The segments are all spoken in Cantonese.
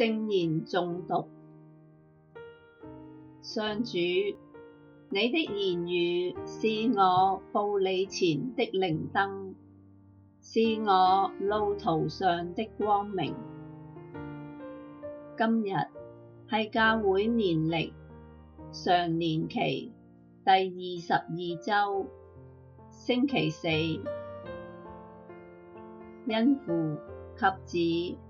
聖言中讀，上主，你的言語是我步履前的靈燈，是我路途上的光明。今日係教會年曆常年期第二十二周，星期四，因父及子。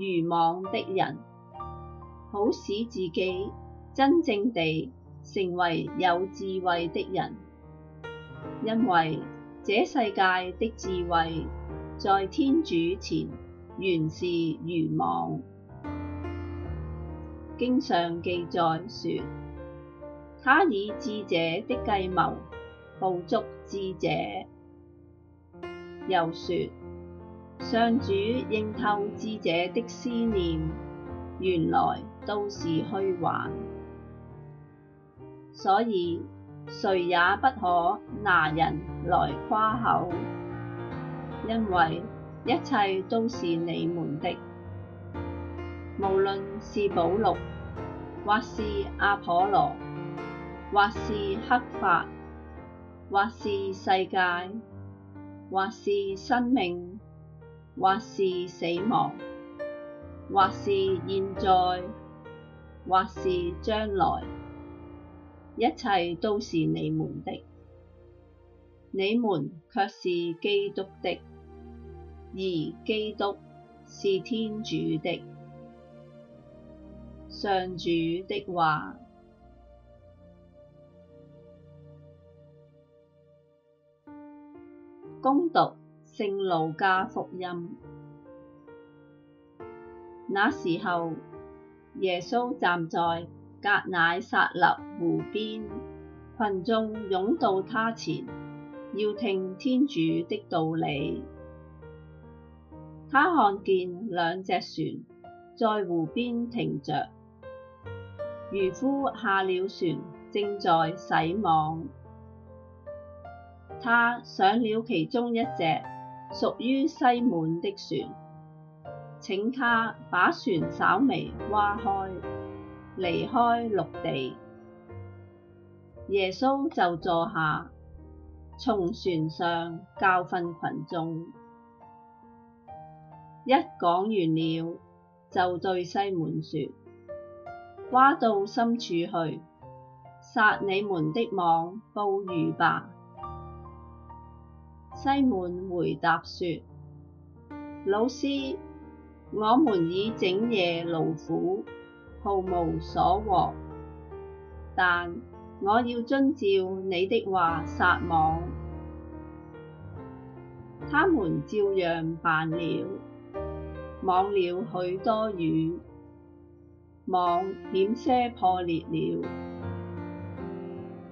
愚妄的人，好使自己真正地成為有智慧的人，因為這世界的智慧在天主前原是愚妄。經上記載說，他以智者的計謀捕捉智者，又說，上主認透智者的思念，原來都是虛幻，所以誰也不可拿人來誇口，因為一切都是你們的，無論是保祿，或是阿頗羅，或是刻法，或是世界，或是生命。或是死亡，或是現在，或是將來，一切都是你們的，你們卻是基督的，而基督是天主的。上主的話，恭讀。《聖路加福音》那時候，耶穌站在革乃撒勒湖邊，群眾擁到他前，要聽天主的道理。他看見兩隻船在湖邊停着。漁夫下了船，正在洗網。他上了其中一隻，屬於西滿的船，請他把船稍微划開，離開陸地。耶穌就坐下，從船上教訓群眾。一講完了，就對西滿說：划到深處去，撒你們的網捕魚吧。西滿回答說：「老師，我們已整夜勞苦，毫無所獲，但我要遵照你的話撒網。」他們照樣辦了，網了許多魚，網險些破裂了。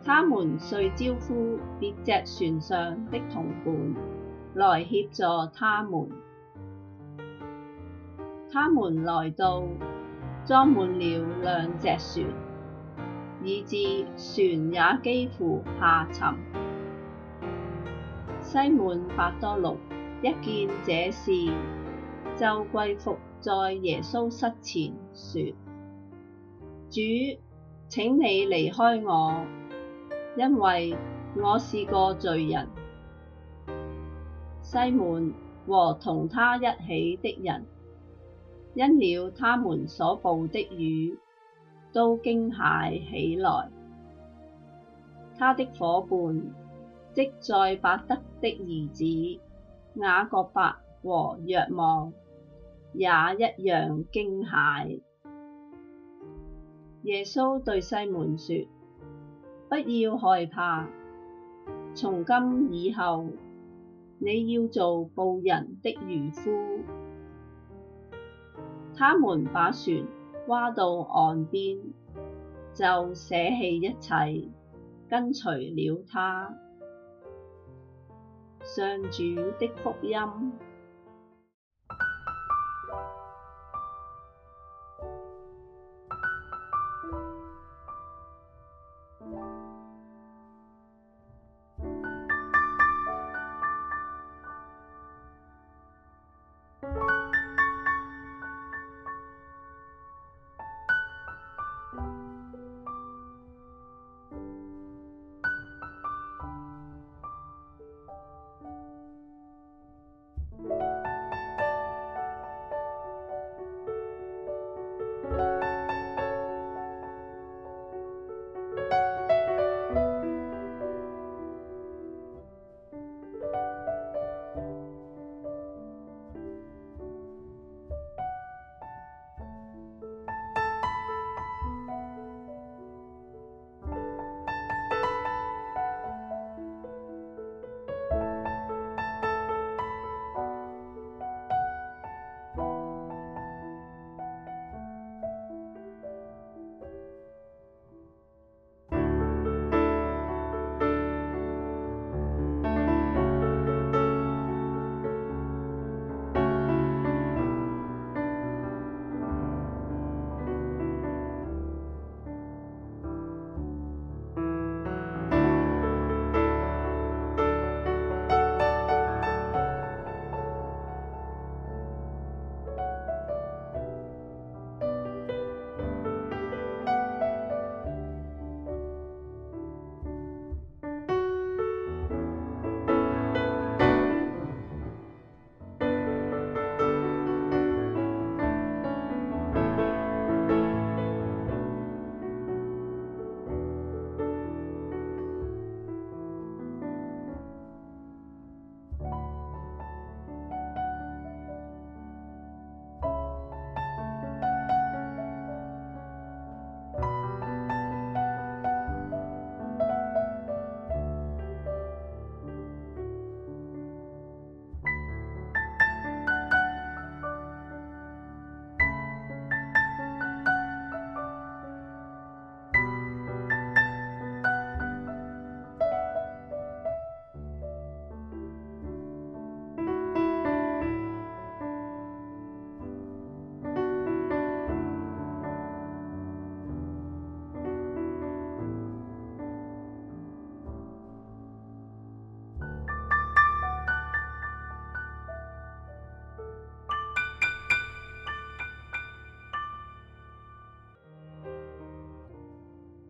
他們遂招呼別隻船上的同伴來協助他們。他們來到，裝滿了兩隻船，以致船也幾乎下沉。西滿伯多祿一見這事，就跪伏在耶穌膝前說，說：主，請你離開我。因為我是個罪人。西滿和同他一起的人，因了他們所捕的魚，都驚駭起來。他的夥伴，即載伯德的兒子雅各伯和若望，也一樣驚駭。耶穌對西滿說。不要害怕，從今以後，你要做捕人的漁夫。他們把船划到岸邊，就捨棄一切，跟隨了他。上主的福音。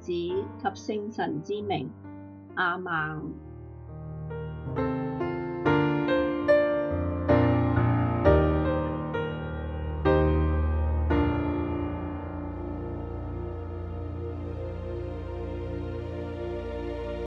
及子及聖神之名，阿們。